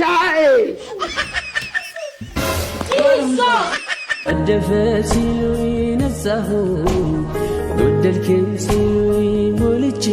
ሻሽ ቀደፈ ሲሉ ነጻሁ ጎደልክም ሲሉ ሞልቼ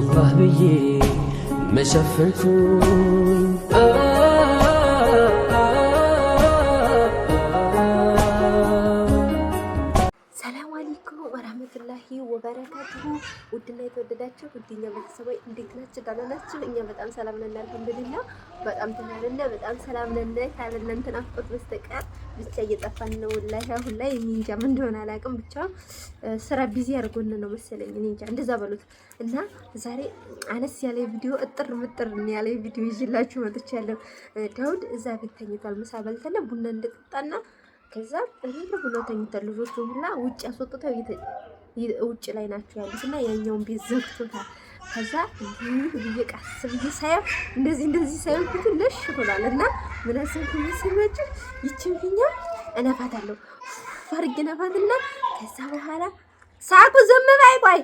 አላህ ብዬ መሸፈንኩኝ ሰላም አለይኩም ወራህመቱላሂ ወበረካቱሁ ውድና የተወደዳቸው ውድኛ ቤተሰቦች እንዴት ናቸው? ደህና ናቸው? እኛ በጣም ሰላም ነን፣ አልሐምዱሊላህ በጣም ተናልና በጣም ሰላም ነን። ካለ እናንተ ናፍቆት በስተቀር ብቻ እየጠፋን ነው። ወላሂ አሁን ላይ እንጃ ምን እንደሆነ አላውቅም። ብቻ ስራ ቢዚ አድርጎን ነው መሰለኝ፣ እንጃ እንደዛ በሉት። እና ዛሬ አነስ ያለ ቪዲዮ እጥር ምጥር ያለ ቪዲዮ ይዤላችሁ መጥቻለሁ። ዳውድ እዛ ቤት ተኝቷል። ምሳ በልተን ቡና እንደጠጣና ከዛ እህል ብሎ ተኝቷል። ልጆቹ ሁላ ውጭ አስወጥተው ውጭ ላይ ናቸው ያሉት እና የኛውን ቤት ዘግቶታል። ከዛ ብዬ ቀስ ብዬ ሳየው እንደዚህ እንደዚህ ሳየው ፊቱ ለሽ ብሏል እና ምን አሰብኩኝ መሰላችሁ? ይችን ፊኛ እነፋታለሁ ፈርግ እና ከዛ በኋላ ሳቁ ዝም ባይ ቆይ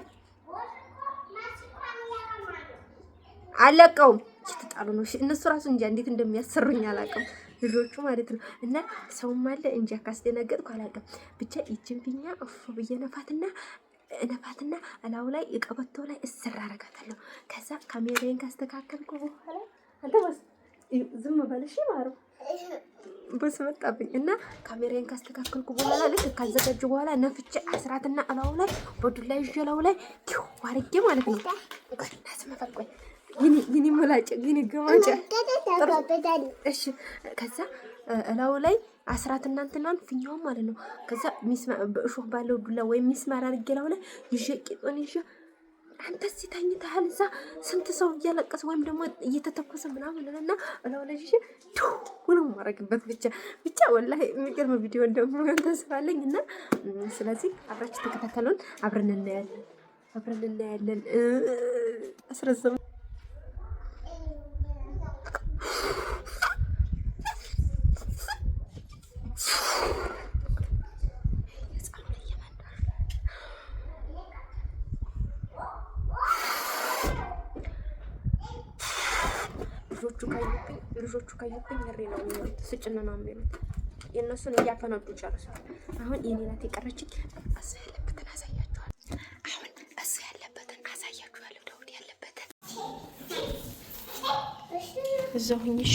አለቀውም። እየተጣሉ ነው እነሱ ራሱ እንጃ እንዴት እንደሚያሰሩኝ አላውቅም። ልጆቹ ማለት ነው። እና ሰውም አለ እንጃ ካስደነገጥኩ አላውቅም። ብቻ ይችን ፊኛ እፎ ብዬ ነፋትና ነፋትና እላው ላይ ቀበቶ ላይ እስር አረጋታለሁ። ከዛ ካሜራዬን ካስተካከልኩ በኋላ አንተ ዝም በልሽ ማሩ በስ መጣብኝ እና ካሜራዬን ካስተካከልኩ በኋላ ልክ ካዘጋጁ በኋላ ነፍቼ አስራትና እላው ላይ በዱላ ይዤ እላው ላይ ዋርጌ ማለት ነው። ቆይ ናት ይኔ ይሞላጭ ይኔ ይገማጭ። እሺ። ከዛ እላው ላይ አስራት እናንትናን ፊኛውን ማለት ነው። ከዛ በእሾህ ባለው ዱላ ወይም ሚስማር አድርጌ እላው ላይ ይዤ ቂጦን ይዤ አንተ ሲታኝ ተኝተሃል፣ እዛ ስንት ሰው እያለቀሰ ወይም ደግሞ እየተተኮሰ ምናምን እና እላው ላይ ይዤ ሁሉ ማረግበት ብቻ ብቻ ወላሂ የሚገርም ቪዲዮ እንደሚሆን ተስፋ አለኝ እና ስለዚህ አብራችሁ ተከታተሉን፣ አብረን እናያለን፣ አብረን እናያለን አስረዘሙ ካዩብኝ ልጆቹ ካዩብኝ ምሬ ነው የሚሉት፣ ስጭን ነው የሚሉት። የእነሱን እያፈነዱ ጨርሷል። አሁን የኔ ናት የቀረችኝ። እሱ ያለበትን አሳያችኋል። አሁን እሱ ያለበትን አሳያችኋለሁ። ዳውድ ያለበትን እዛሁኝ እሺ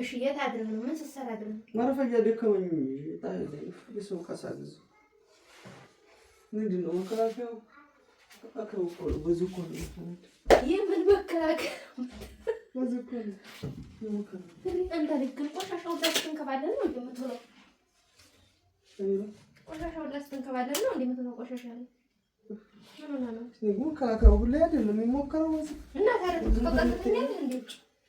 እሺ የት አድርግ ነው? ምን ስትሰራ አድርግ ነው? ማረፈጃ የሰው ቀሳቅዝ ምንድን ነው መከላከያው? በዚህ እኮ ነው በዚህ እኮ ነው አንተ ልክ ነው። ነው እንደምትውለው ነው ቆሻሻ እና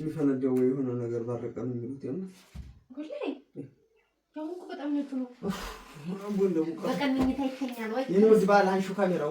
የሚፈነደው የሆነ ነገር ባረቀ ነው የሚሉት የምር በጣም ነው የምትለው። ካሜራ